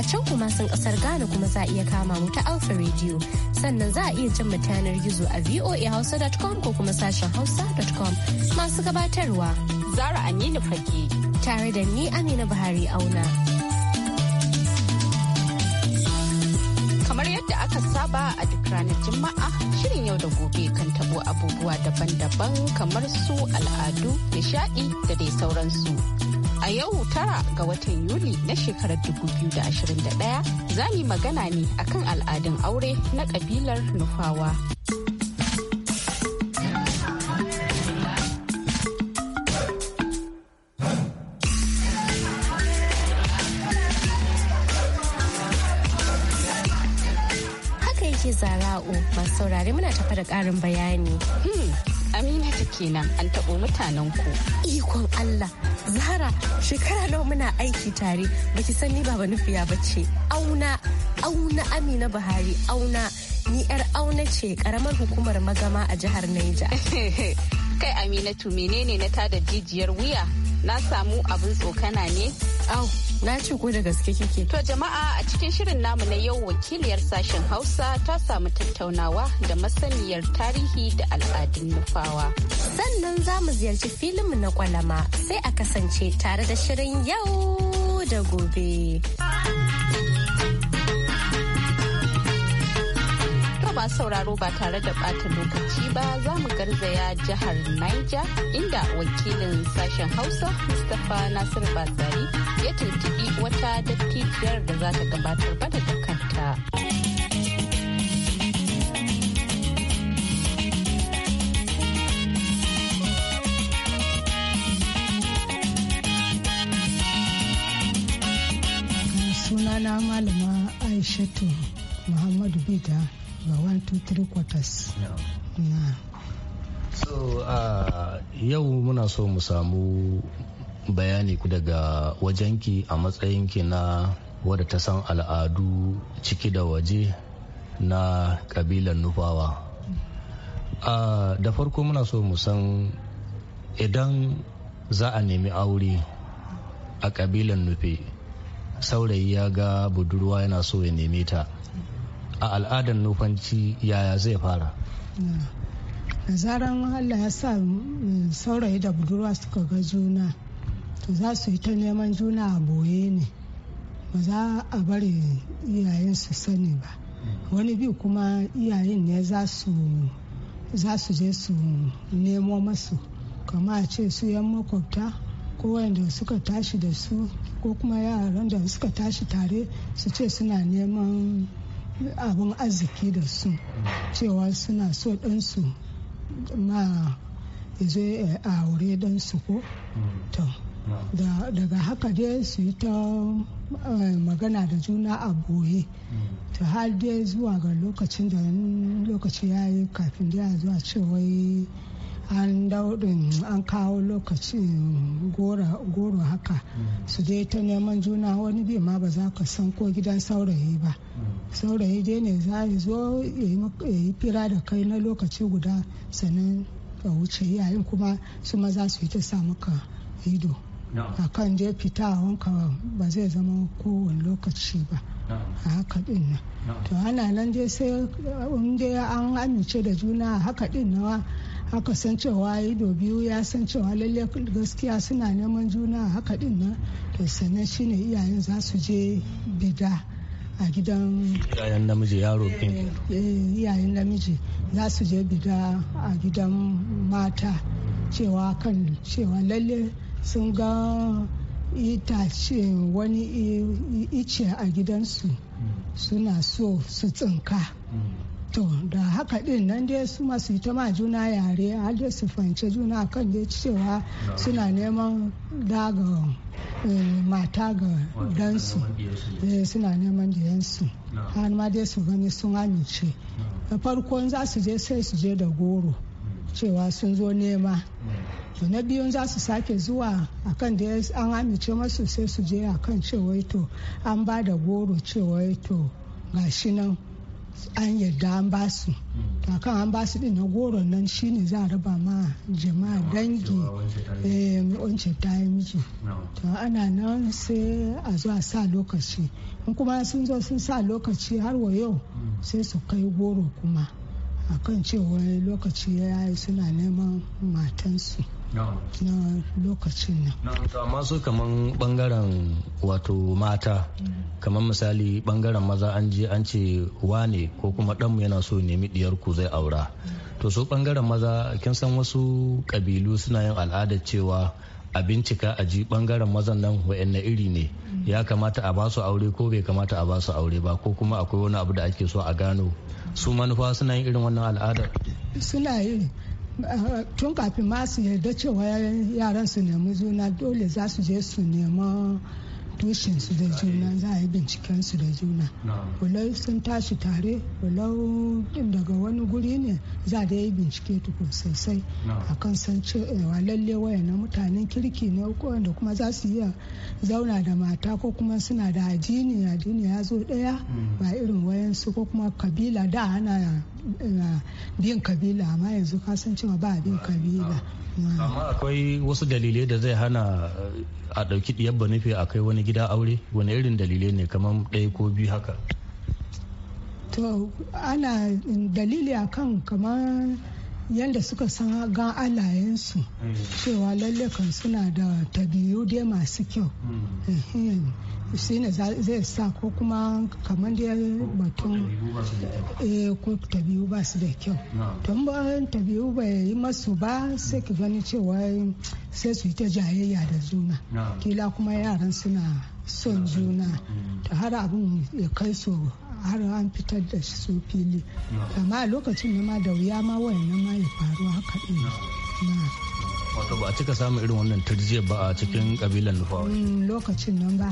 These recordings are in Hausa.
a can kuma sun kasar Ghana kuma za a iya kama mu ta Alpha Radio sannan za a iya jin mutanar gizo a voahausa.com ko kuma sashen hausa.com masu gabatarwa Zara Aminu Fage tare da ni Amina Buhari Auna. Kamar yadda aka saba a duk ranar Juma'a shirin yau da gobe kan tabo abubuwa daban-daban kamar su al'adu, nishadi da dai sauransu. A yau tara ga watan Yuli na shekarar 2021 za mu magana ne akan al'adun aure na kabilar Nufawa. zara'u masu saurare muna tafa da ƙarin bayani. Hmm, Amina ta kenan an taɓo mutanen ku. Ikon Allah Zahara shekara nawa muna aiki tare baki san ni baba nufiya bace auna auna Amina Buhari auna ni yar auna ce karamar hukumar magama a jihar Niger kai Aminatu menene na tada jijiyar wuya na samu abin tsokana ne. Au, na ce ko da gaske kike. To jama'a a cikin shirin namu na yau wakiliyar sashen Hausa ta samu tattaunawa da masaniyar tarihi da al'adun nufawa. Sannan za mu ziyarci filinmu na kwalama sai a kasance tare da shirin yau da gobe. To ba sauraro ba tare da bata lokaci ba za mu garzaya jihar Niger inda wakilin sashen Hausa Mustapha Nasir bazari ya tuntubi wata dattijiyar da za ta gabatar ba da kanta. sunana malama aishatu muhammadu bita ga one two three quarters na so uh, yau muna so mu samu bayani ku daga wajenki a matsayinki na wadda ta san al'adu ciki da waje na kabilan nufawa uh, da farko muna so mu san idan za a nemi aure a kabilan nufe saurayi ya ga budurwa yana so ya neme ta a al'adar nufanci yaya zai fara da zaran allah ya sa eh, saurayi da budurwa suka ga juna to za su yi ta neman juna a boye ne ba za a bari iyayen su sani ba wani bi kuma iyayen ne za su je su nemo masu kama a ce su yan makwabta ko wanda suka tashi da su ko kuma yaran da suka tashi tare su ce suna neman abin arziki da su cewa suna so ɗansu ma ya zo a aure ɗansu ko to daga haka dai su yi ta eh, magana da juna a boye ta har dai zuwa ga lokacin da lokaci ya yi kafin da ya zuwa wai an daudin an kawo lokacin goro haka su dai ta neman juna wani bai ma ba za ka san ko gidan saurayi ba saurayi dai ne za a zo ya yi fira da kai na lokaci guda sannan a wuce yayin kuma su maza su yi ta sa maka ido a kan je fita a wanka ba zai zama kowane lokaci ba a haka din nan to ana nan dai sai inda an amince da juna a haka din nawa haka san cewa ido biyu ya san cewa lalle gaskiya suna neman juna a haka din nan to sannan shine iyayen za su je bida a gidan iyayen namiji yaro eh, eh, iyayen namiji za su je gida a gidan mata cewa kan cewa lalle sun ga itace wani ice a gidansu mm. suna so su tsinka mm. to da haka din nan dai su masu ta ma juna yare a dai su fahimci juna kan dai cewa suna neman daga eh, mata ga dansu eh, suna neman da yansu har ma dai su gani sun amince da farkon za su je sai su je da goro hmm. cewa sun zo nema hmm. to na biyun za su sake zuwa akan da an amince masu sai su je akan cewa to an ba da goro cewa to gashi nan an yarda an ba su hmm. kan an ba su din na goron nan shine za a raba ma jama'a dangi wancan ta yi miji eh, to ana nan sai a zuwa sa lokaci in kuma sun zo sun sa lokaci har wa yau hmm. sai su kai goro kuma akan cewa lokaci ya yi suna neman matansu. na lokacin nan. amma su kaman bangaren wato mata kaman misali bangaren maza an je an ce wane ko kuma ɗanmu yana so nemi diyar ku zai aura to su bangaren maza kin san wasu kabilu suna yin al'adar cewa a bincika a ji bangaren mazan nan wa'anne iri ne ya kamata a basu aure ko bai kamata a basu aure ba ko kuma akwai wani abu da ake so a gano su manufa suna yin irin wannan al'adar suna yin tun kafin ma su yarda cewa yaran su nemi juna dole za su je su nema tushensu da juna za a yi bincikensu da juna walau sun tashi tare walau daga wani guri ne za da yi bincike tuku sosai a kan san cewa eh, lalle waya na mutanen kirki ne wanda kuma za su iya zauna da mata ko kuma suna da ajini ajini ya zo daya hmm. ba irin wayansu ko kuma kabila da ana bin kabila amma yanzu ka san cewa ba bin kabila amma akwai wasu dalilai da zai hana eh, a ɗauki ɗiyar nufi a kai wani gida aure wani irin dalilai ne kamar ɗaya ko biyu haka to ana dalili akan kamar yadda suka san gan alayensu hmm. cewa lalle suna da tabiyu dai masu kyau hmm. shine zai sa ko kuma kamar da batun eh, ko tabi'u ba su da kyau to ba tabi'u ya yi masu ba sai ki gani cewa sai su yi ta jayayya da juna kila kuma yaran suna son juna ta mm. har abin ya kai su har an fitar da su fili amma lokacin lokacin ma da wuya ma wayan ma ya faru haka ɗin wato ba a cika samun irin wannan turjiyar ba a cikin kabilan nufawa mm, lokacin nan ba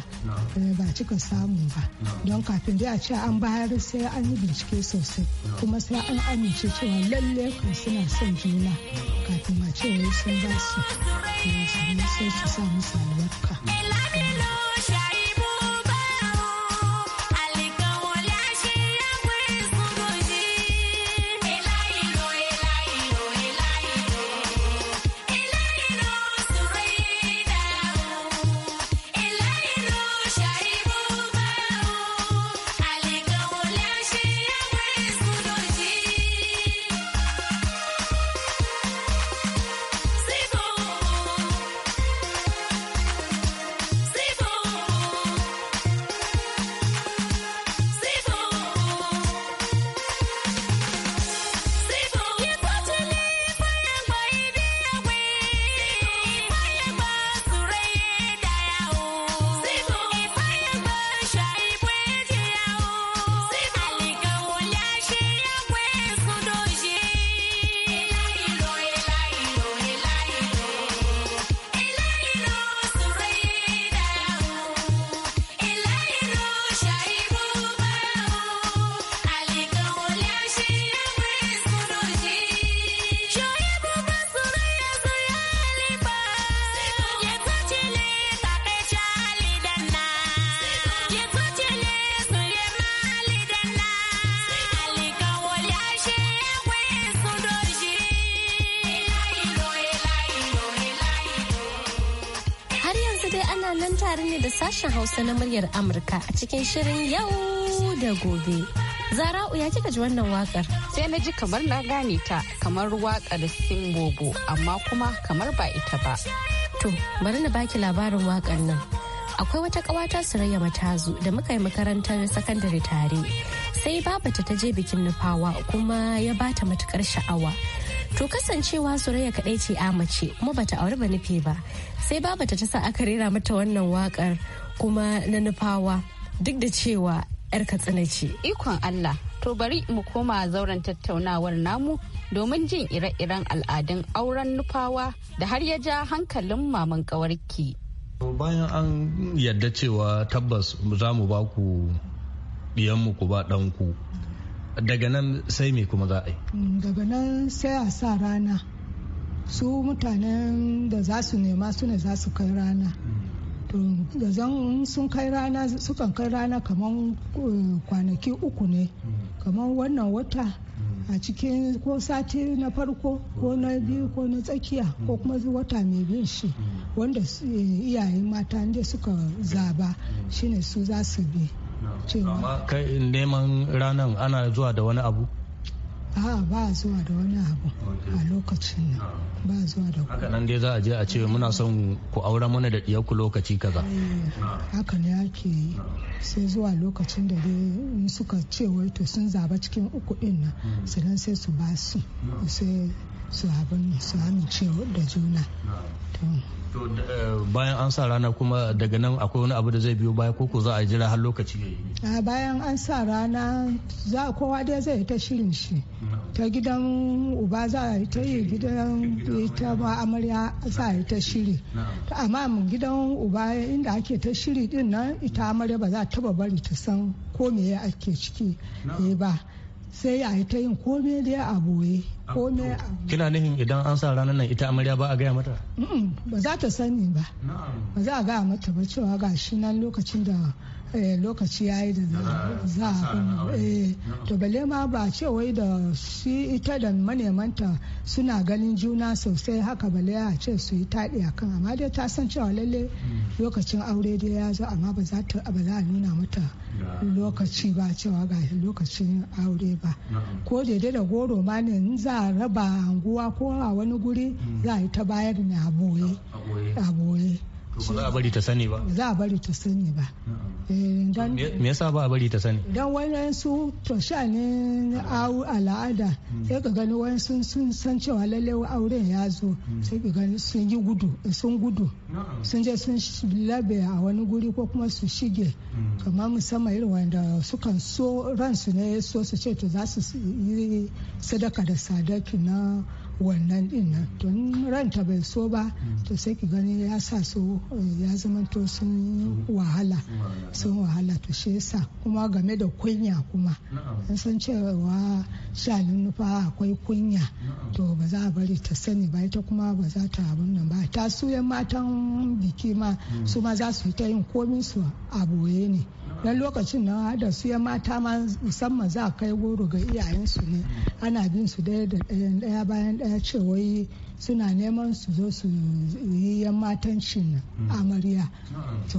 eh, ba a cika samu ba don kafin dai a ce an bayar sai an yi bincike sosai kuma sai an amince cewa lalle kan suna son juna kafin ma cewa sun ba su sai su sa musu albarka Kuna nan tare ne da sashen Hausa na muryar Amurka a cikin shirin yau da gobe. Zara'u ya kika ji wannan wakar? Sai na ji kamar na gane ta kamar wakar Simbobo amma kuma kamar ba ita ba. To, bari na baki labarin wakar nan. Akwai wata ƙawata Surayya Matazu da muka yi makarantar sakandare tare. Sai babata ta je bikin nufawa kuma ya bata matukar sha'awa. To kasancewa Suraya kaɗai ce a mace kuma bata auri ba nufi ba. Sai babata ta sa aka rera mata wannan wakar kuma na nufawa duk da cewa 'yar katsina ce. Ikon Allah. To bari mu koma zauren tattaunawar namu domin jin ire-iren al'adun auren nufawa da har ya ja hankalin maman kawarki. Bayan an yadda cewa tabbas za mu ba ku ku ba ɗanku daga nan sai me kuma za a yi daga nan sai a sa rana su mutanen da za su nema su ne za su kai rana to da zan sun kai rana sukan kai rana kamar eh, kwanaki uku ne kamar wannan wata a cikin ko sati na farko ko na biyu ko na tsakiya ko kuma wata mai bin shi wanda eh, iyayen mata inda suka zaba shine su za su bi kai neman ranar ana zuwa da wani abu a'a ba zuwa da wani abu a lokacin nan ah. ba zuwa da haka nan dai za a je a ce muna eh. son ku aura mana da ku lokaci kaza eh. ah. haka ne ake yi ah. sai zuwa lokacin da dai suka ce wai to sun zaba cikin uku din nan hmm. sannan sai su ba su sai su abin su amince da juna to eh, bayan an sa rana kuma daga nan akwai wani abu da zai biyo baya koko za a jira har lokaci ya bayan an sa rana za kowa dai zai ta shirin shi ta gidan uba za a ta yi gidan ta amarya za a ta shiri amma gidan uba inda ake ta shiri din nan ita amarya ba za ta bari ta san ko me ake ciki eh, ba sai a ta yin komai da a boye ah, kina nufin idan an sa ranar nan ita amarya ba a gaya mata ba za ta sani ba ba za a gaya mata ba cewa ga shi nan lokacin da Eh, lokaci ya yi da za a to bale ma ba ce wai da shi ita da manemanta suna ganin juna sosai haka bale ya ce su yi taɗi a kan amma dai ta san cewa lalle mm. lokacin aure dai ya zo amma ba za a nuna mata lokaci ba cewa ga lokacin aure ba ko daidai da goro ma ne za a raba anguwa ko a wani guri mm. za a yi ta bayar ne a boye ba za a bari ta sani ba za a bari ta sani ba eh, me yasa ba a bari ta sani dan wannan su to sha ne au al'ada hmm. sai ka gani wani sun sun san cewa lalle auren ya zo hmm. sai ka gani sun yi gudu sun gudu sun je sun labe a wani guri ko kuma su shige hmm. kamar musamman irin wanda sukan so ransu ne so su ce to za su yi sadaka da sadaki na wannan din nan don ranta bai so ba mm. to sai ki gani ya sa su eh, ya zamanto sun wahala sun wahala to shi yasa kuma game da kunya kuma an san cewa shalin nufa akwai kunya to ba za a bari ta sani ba ita kuma ba za ta abun nan ba ta suyan matan biki ma mm. su ma za su yi ta yin komin su a boye ne don lokacin na da su ya mata ma musamman za a kai goro ga iyayensu ne ana bin su daya da daya bayan daya cewa suna neman su zo su yi yan matancin hmm. amarya to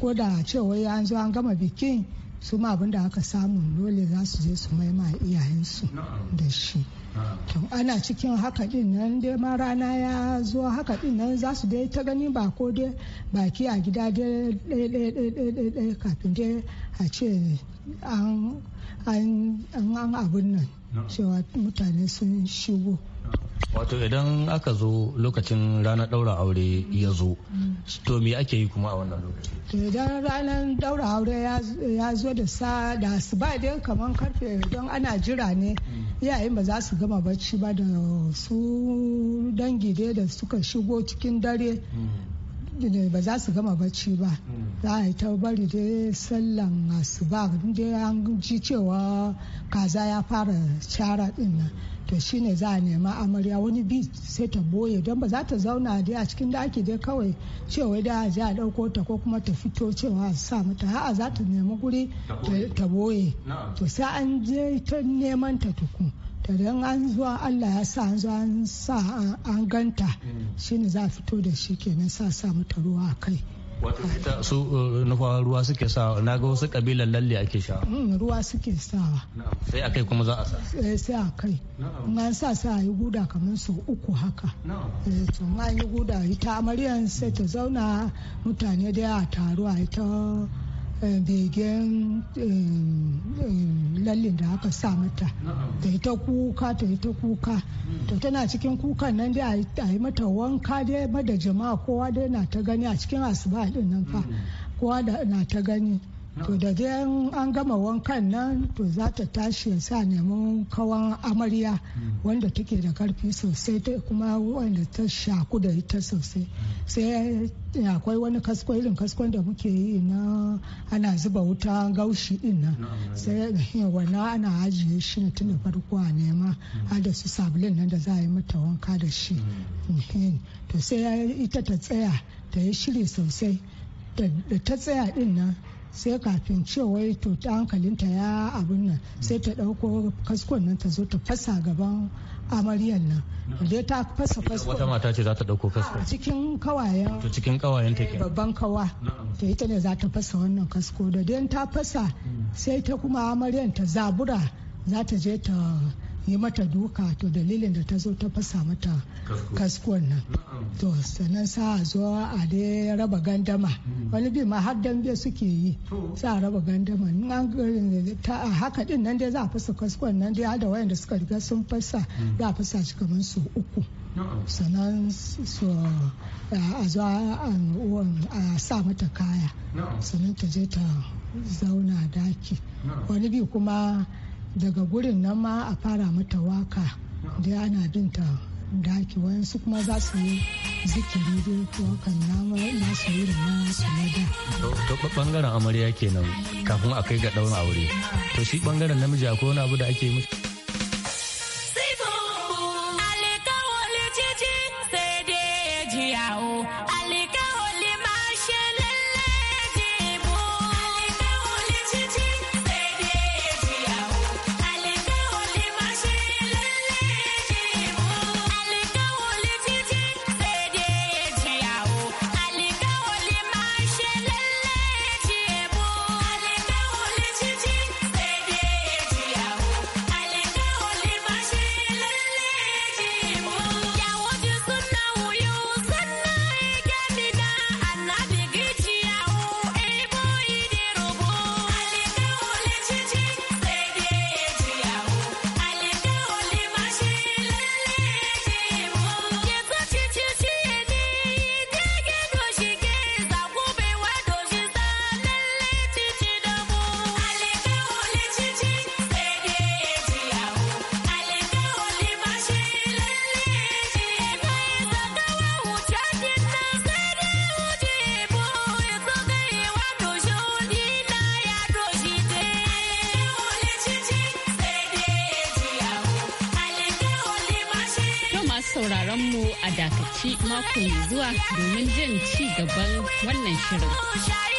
ko da cewa an zo an gama bikin su ma abin da aka samu dole za su je su maima iyayensu da shi to ana cikin haka din nan dai ma rana ya zo haka din nan za su dai ta gani ba ko dai baki a gida dai ɗaya kafin dai a ce an abun nan cewa mutane sun shigo. wato idan aka zo lokacin rana daura aure ya zo to me ake yi kuma a wannan lokaci idan ranar daura aure ya zo da sa da su ba dai kamar karfe don ana jira ne yayin ba za su gama bacci ba da su dangi dai da suka shigo cikin dare ba za su gama bacci ba mm. za a yi ta bari dai sallan ba da an ji cewa kaza ya fara cara din nan to shine za a nema amarya wani bi sai ta boye don ba za ta zauna dai a cikin daki dai kawai cewa da a a ɗauko ta ko kuma ta fito cewa a sa mata ha'a za ta nemi guri ta boye to sai an je ta neman ta tuku. da don an zuwa allah ya sa an zuwa an sa an ganta shine za a fito da shi kenan sa sa mata ruwa a kai wato ita su eh, nufa mm, ruwa suke sawa na ga wasu kabilan lalle ake sha ruwa suke sawa sai a kai kuma za a sa eh, sai a kai in an sa sa a yi guda kamar sau uku haka eh, to an yi guda ita amaryan sai ta zauna mutane da ya taru a ita Eh, begen eh, eh, lallin da aka sa mata ta yi ta kuka ta yi ta kuka to tana cikin kukan nan dai a yi mata wanka dai mada jama'a kowa dai na ta gani a cikin asuba din nan fa mm. kowa na ta gani to da dai an gama wankan nan to za ta tashi ya sa neman kawan amarya wanda take da karfi sosai ta kuma wanda ta shaku da ita sosai sai akwai wani kasko irin kaskon da muke yi na ana zuba wuta gaushi din nan sai wana ana ajiye shi na tunda farko a nema da su sabulin nan da za a yi mata wanka da shi to sai ita ta tsaya ta yi shiri sosai da ta tsaya din nan sai kafin cewa to ta hankalinta ya abin nan sai ta ɗauko kaskon nan ta zo ta fasa gaban amaryan nan da ta fasa kaskon wata mata ce za ta dauko kaskon a cikin kawayen to cikin kawayen take babban kawa to ita ne za ta fasa wannan kasko da dan ta fasa sai ta kuma amaryan ta zabura za ta je ta yi mata duka to dalilin da ta zo ta fasa mata kaskuwan nan to sannan sa a zo a da raba gandama mm. wani bi ma har dambe suke yi sa a raba gandama haka din nan dai za a fasa kaskuwan nan dai har da wayanda suka riga sun fasa mm. za a fasa shi kamar su uku sannan su a zo a sa mata kaya sannan ta je ta zauna daki wani bi kuma daga gurin nan ma a fara mata waka da ana binta daki wayansu kuma za su yi zikiri dai wakan nama na sayi da na da. To bangaren amarya kenan kafin a kai ga ɗaurin aure. To shi bangaren namiji akwai wani abu da ake mutu. sauraron mu a dakaci mako mai zuwa domin jin ci gaban wannan shirin.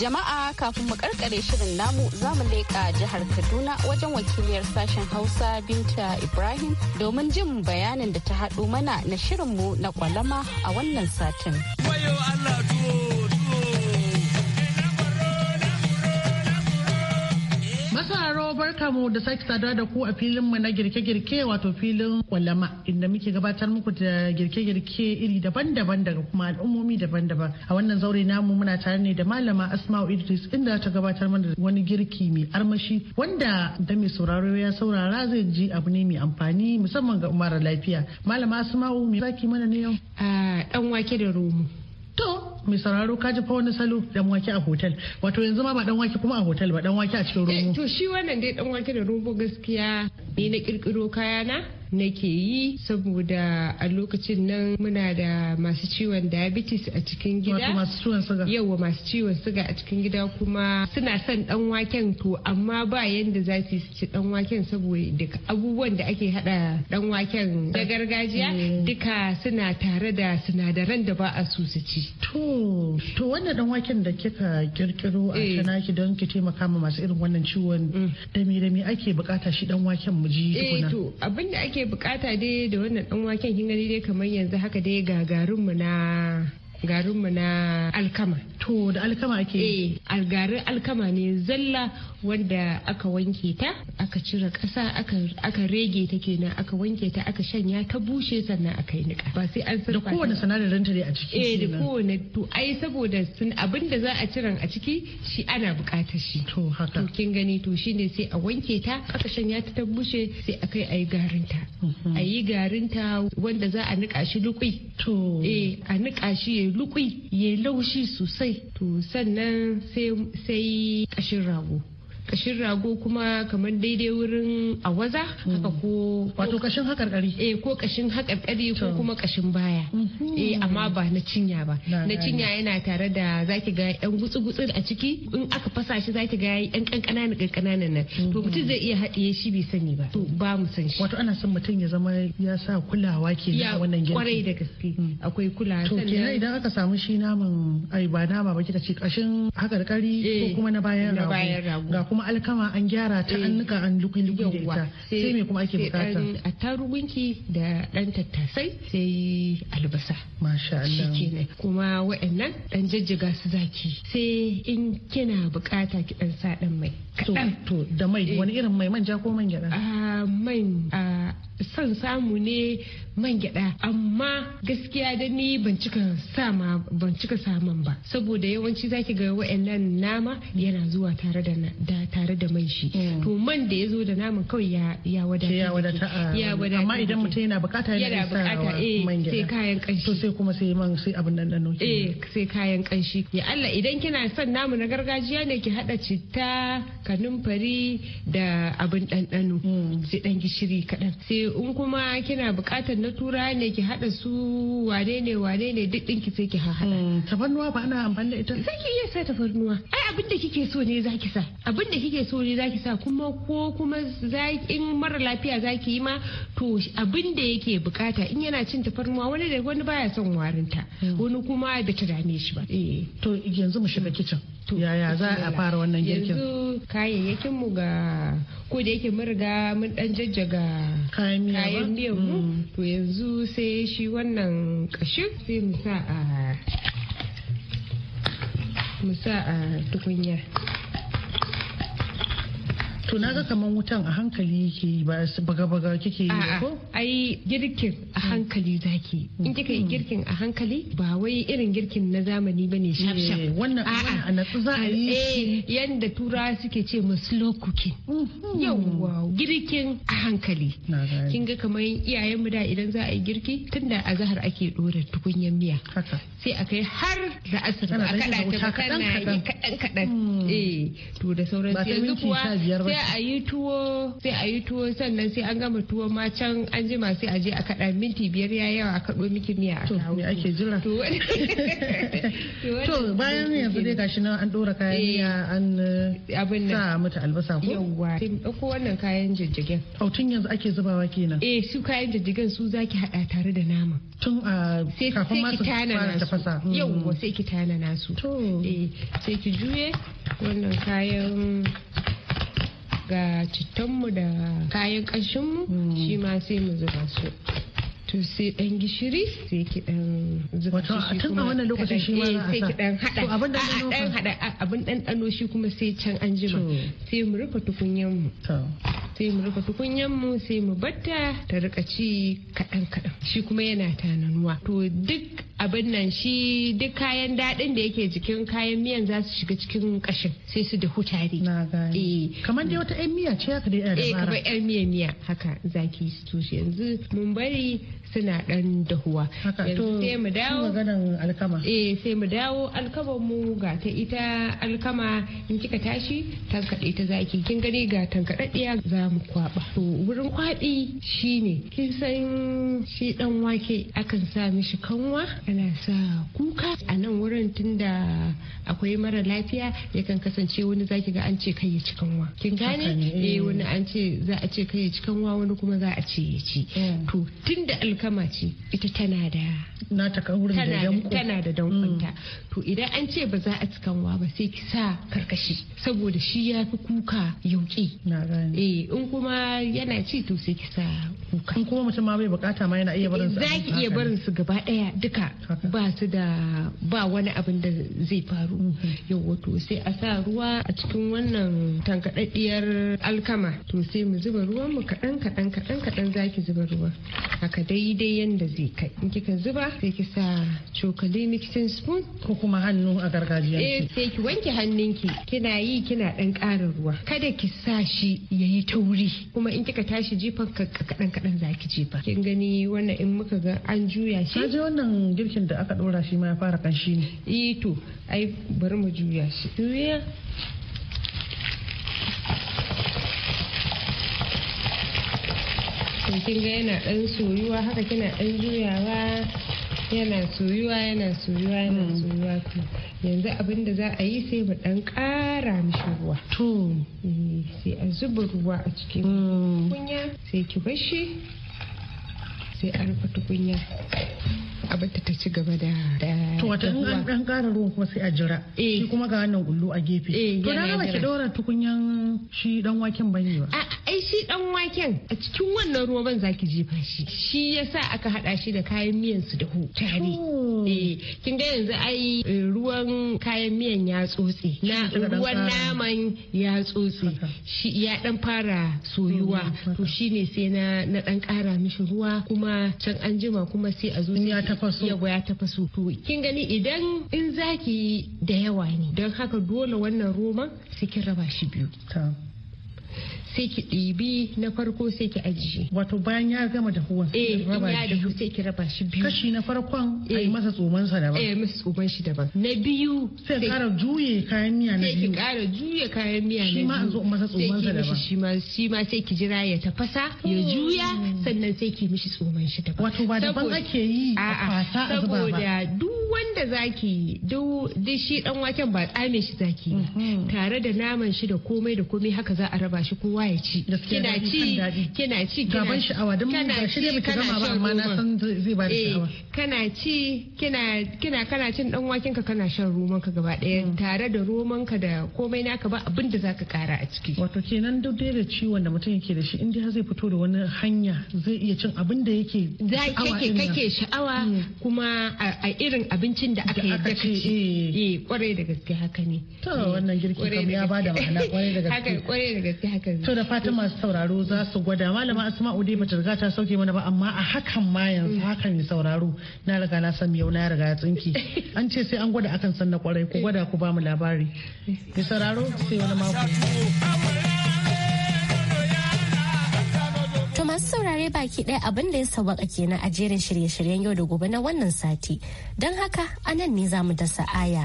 Jama'a kafin mu karkare shirin namu za mu leƙa jihar Kaduna wajen wakiliyar sashen Hausa Binta Ibrahim domin jin bayanin da ta haɗo mana na shirinmu na kwalama a wannan satin. Allah barka mu da sake saduwa da ku a filin mu na girke-girke wato filin kwalama inda muke gabatar muku da girke-girke iri daban-daban daga kuma al'ummomi daban-daban. A wannan zaure namu muna tare ne da malama Asma'u Idris inda ta gabatar mana wani girki mai armashi wanda da mai sauraro ya saurara zai ji abu ne mai amfani musamman ga umara lafiya. Malama Asma'u me zaki mana ne yau? a ah, dan wake da romo. mai sauraro ka fa wani salo dan wake a hotel wato yanzu ma ba dan wake kuma a hotel ba dan wake a cikin eh, romo to shi wannan dai dan wake da rumbu gaskiya ne na kirkiro kayana nake yi saboda a lokacin nan muna da masu ciwon diabetes a cikin gida masu ciwon yawa masu ciwon suga a cikin gida kuma suna son dan waken to amma ba yanda za su ci dan waken saboda abubuwan da ake hada dan waken na gargajiya eh. duka suna tare da sinadaran da ba a su su ci to to dan waken da kika kirkiro a tanaki eh. don ki taimaka ma masu irin wannan ciwon mm. Dami dami ake bukata shi dan waken mu ji eh to abinda ake bukata dai da wannan dan waken kin gani dai kamar yanzu haka dai ga garinmu na garinmu na alkama to da alkama ake eh algarin alkama ne zalla wanda aka wanke ta aka cire ƙasa aka rege ta kenan aka wanke ta aka shanya ta bushe sannan aka yi niƙa ba sai an sarfa da kowane sanadarin ta ne a ciki eh da kowane to ai saboda sun abin da za a cire a ciki shi ana buƙatar shi to haka to kin gani to shine sai a wanke ta aka shanya ta ta bushe sai a kai a yi garin ta mhm. a yi garin ta wanda za a niƙa shi lukui to eh a niƙa shi ya lukui ya laushi sosai to sannan sai sai ƙashin rago kashin rago kuma kamar daidai wurin awaza haka ko wato kashin hakarkari eh ko kashin hakarkari ko kuma kashin baya mhm. eh amma ba na cinya ba na cinya yana tare da zaki ga yan gutsu gutsu a ciki in aka fasa shi zaki ga yan kankananan kankananan nan to mhm. mutum zai iya haɗiye shi bai sani ba to ba mu san shi wato ana son mutum ya zama ya sa kulawa ke na wannan girki kwarai da gaske mhm. akwai kulawa to kenan idan aka samu shi naman ai ba nama ba kika ce kashin hakarkari eh. ko kuma na bayan rago kuma alkama an gyara ta an eh. nika an lukun da ita sai me kuma ake bukata a tarugunki da dan tattasai sai albasa masha Allah shikenan kuma wa'annan dan jajjiga su zaki sai in kina bukata ki dan sa dan mai to da mai eh. wani irin mai manja ko man gyada ah, man ah, son samu ne man gyada amma gaskiya da ni ban cika sama ban cika saman ba saboda yawanci zaki ga wa'annan nama yana zuwa tare da tare da man shi mm. to man da ya zo da naman kawai ya ya wadata ya wadata ah, amma idan mutum yana bukata yana bukata eh sai kayan kanshi to sai kuma sai man sai abin nan dano eh sai kayan kanshi ya Allah idan kina son namu na gargajiya ne ki hada citta kanumfari da abin dandano mm. sai dan gishiri kaɗan. sai in kuma kina bukatar na tura ne ki hada su wane ne wane ne duk dinki sai ki hada mm, tafarnuwa ba ana amfani da ita sai ki iya sai tafarnuwa ai abin da kike so ne zaki sa abin da kike so ne zaki sa kuma ko kuma in mara lafiya zaki yi ma to abin da yake bukata in yana cin tafarnuwa wani da wani baya son warinta hmm. wani kuma da ta dame shi ba eh, to yanzu mu shiga kicin yaya za a fara wannan girkin yanzu kayayyakin mu ga ko da yake mun riga mun dan jajjaga kayan miyan mu hmm. to yanzu sai shi wannan kashin sai mu sa a mu sa a tukunya to naga kamar wutan a hankali yake ba baga-baga kike yi ko ai girkin a hmm. hankali zaki in kika yi hmm. girkin a hankali ba wai irin girkin na zamani bane eh, shaf shaf wannan a natsu za a yi eh, shi yanda tura suke ce mu slow cooking hmm. yawwa girkin a hankali kin ga kamar iyayen mu da idan za a yi girki tunda a zahar ake dora tukunyar miya sai a kai har da asiri a kada ta tana kadan kadan eh to da sauran yanzu kuwa sai a yi tuwo sai a yi tuwo sannan sai an gama tuwo ma can an jima sai a je a kaɗa minti biyar ya yawa a kaɗo miki miya a kawo. To ake jira. To bayan yanzu dai gashi nan an ɗora kayan eh, miya an eh, sa mata albasa ko? Yawwa. Sai ɗauko wannan kayan jijjigen. Au tun yanzu ake zubawa kenan. Eh su kayan jijjigen su zaki haɗa tare da nama. Tun a ah, kafin ma su fara tafasa. Mm. Yawwa sai ki tana nasu. To. Eh sai ki juye wannan kayan ga cittanmu da kayan ƙanshinmu mm. shi ma sai mu zuba su to sai dan gishiri sai ki dan zuba shi tun a wannan lokacin shi ma eh, sai ki dan hada to abin dan hada abin dan dano shi kuma sai can an jima sai mu rufe tukunyanmu sai mu rufe tukunyanmu sai mu batta ta rika ci kadan kadan shi kuma yana tananuwa to duk abin nan shi duk kayan daɗin da yake jikin kayan miyan za su shiga cikin kashin sai su dahu tare. Na gani. Eh. Kamar dai wata 'yan miya ce haka dai yana eh, da eh, kamar 'yan miya miya haka zaki su tushe yanzu mun bari suna ɗan dahuwa. Haka to sai mu dawo. maganan alkama. Eh sai mu dawo alkaman mu ga ta ita alkama in kika tashi tankaɗe ta zaki kin gani ga tankaɗaɗɗiya za mu kwaɓa. To wurin kwaɗi shine kin san shi ɗan wake akan sa mishi kanwa kana sa kuka a nan wurin tunda akwai mara lafiya yakan kasance wani zaki ga an ce kai ya wa kin gane eh wani an ce za a ce kai ya wa wani kuma za a ce ya ci mm. to tunda alkama ce ita tana da ta kan wurin da danko tana da dankonta mm. to idan an ce ba za a ci kanwa ba sai ki sa karkashi saboda shi ya fi kuka yauki eh in kuma yana ci to sai ki sa kuka in kuma mutum ma bai bukata ma yana iya barin su zaki iya barin su gaba daya duka ba su da ba wani abin da zai faru yau wato sai a sa ruwa a cikin wannan tankaɗaɗɗiyar alkama to sai mu zuba ruwan mu kaɗan kaɗan kaɗan kaɗan zaki zuba ruwa haka daidai yanda zai kai in kika zuba sai ki sa cokali mixing spoon ko kuma hannu a gargajiya eh sai ki wanke hannun ki. kina yi kina ɗan ƙara ruwa kada ki sa shi yayi tauri kuma in kika tashi jifan kaɗan kaɗan zaki jefa kin gani wannan in muka ga an juya shi girkin da aka ɗora shi ma ya fara kanshi ne eh to ai bari mu juya shi juya kin ga yana dan soyuwa haka kina dan juyawa yana soyuwa yana soyuwa yana hmm. soyuwa to yanzu abin da za a yi sai mu dan kara mishi ruwa to e, sai a zuba ruwa a cikin hmm. kunya sai ki bashi sai a rufe tukunya a ta ci gaba da to wata dan kara ruwan kuma sai a jira eh. shi kuma ga wannan gullo a gefe eh, to na ba ki dora tukunyan shi dan waken ne ba ai shi dan waken a cikin wannan ban zaki jefa shi shi yasa aka hada shi da kayan miyan su da tare eh kin ga yanzu ai eh, ruwan kayan miyan ya tsotse na ruwan naman ya tsotse shi ya dan fara soyuwa to shine sai na dan kara mishi ruwa kuma can an jima kuma sai a zo ya tafaso ya tafaso kawai kin gani idan in zaki da yawa ne don haka dole wannan roman sai kin raba shi biyu sai ki ɗibi na farko sai ki ajiye wato bayan ya gama dahuwa eh sai ki raba shi biyu kashi na farkon eh. eh, yi masa tsoman sa daban eh masa tsoman shi daban na biyu sai ki kara juye kayan miya na biyu sai ki kara juye kayan miya na biyu shi ma an zo masa tsoman sa daban shi ma shi ma sai ki jira ya tafasa ya juya hmm. sannan sai ki mishi tsoman shi daban wato ba daban ake yi a fata a zuba ba saboda duk wanda zaki yi duk shi dan waken ba tsame shi zaki yi mhm. tare da naman shi da komai da komai haka za a raba shi kowa ya ci kina ci kina ci gaban sha'awa don mun ga shi ne muke gama ba amma na san zai ba eh, shi awa kana ci kina kina kana cin dan waken ka kana shan roman ka gaba daya mm. tare da roman ka da komai naka ba abinda da zaka kara a ciki wato kenan duk da ciwon da mutum yake da shi in dai zai fito da wani hanya zai iya cin abinda da yake zai kake kake sha'awa mm. kuma a irin abin abincin da aka yi ka eh. eh kwarai da gaske haka ne to eh, wannan girki kam ya bada ma'ana kwarai da gaske haka kwarai da gaske haka to da fatan masu sauraro za su gwada malama asma'u dai bata riga ta sauke mana ba amma a hakan ma yanzu mm. haka ne sauraro na riga na san yau na riga ya tsinki an ce sai an gwada akan san na kwarai ku gwada ku ba mu labari ki sauraro sai wani mako masu saurare baki ɗaya abin da ya sawaka kenan a jerin shirye-shiryen yau da gobe na wannan sati. Don haka a nan ne za mu dasa aya.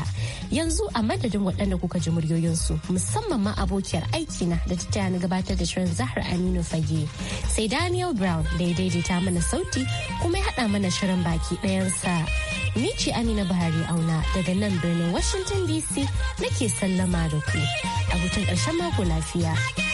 Yanzu a madadin waɗanda kuka ji muryoyinsu musamman ma abokiyar aiki na da ta na gabatar da shirin Zahra Aminu Fage. Sai Daniel Brown da ya daidaita mana sauti kuma ya haɗa mana shirin baki ɗayansa. Ni ce Amina Buhari Auna daga nan birnin Washington DC nake sallama da ku. A hutun ƙarshen mako lafiya.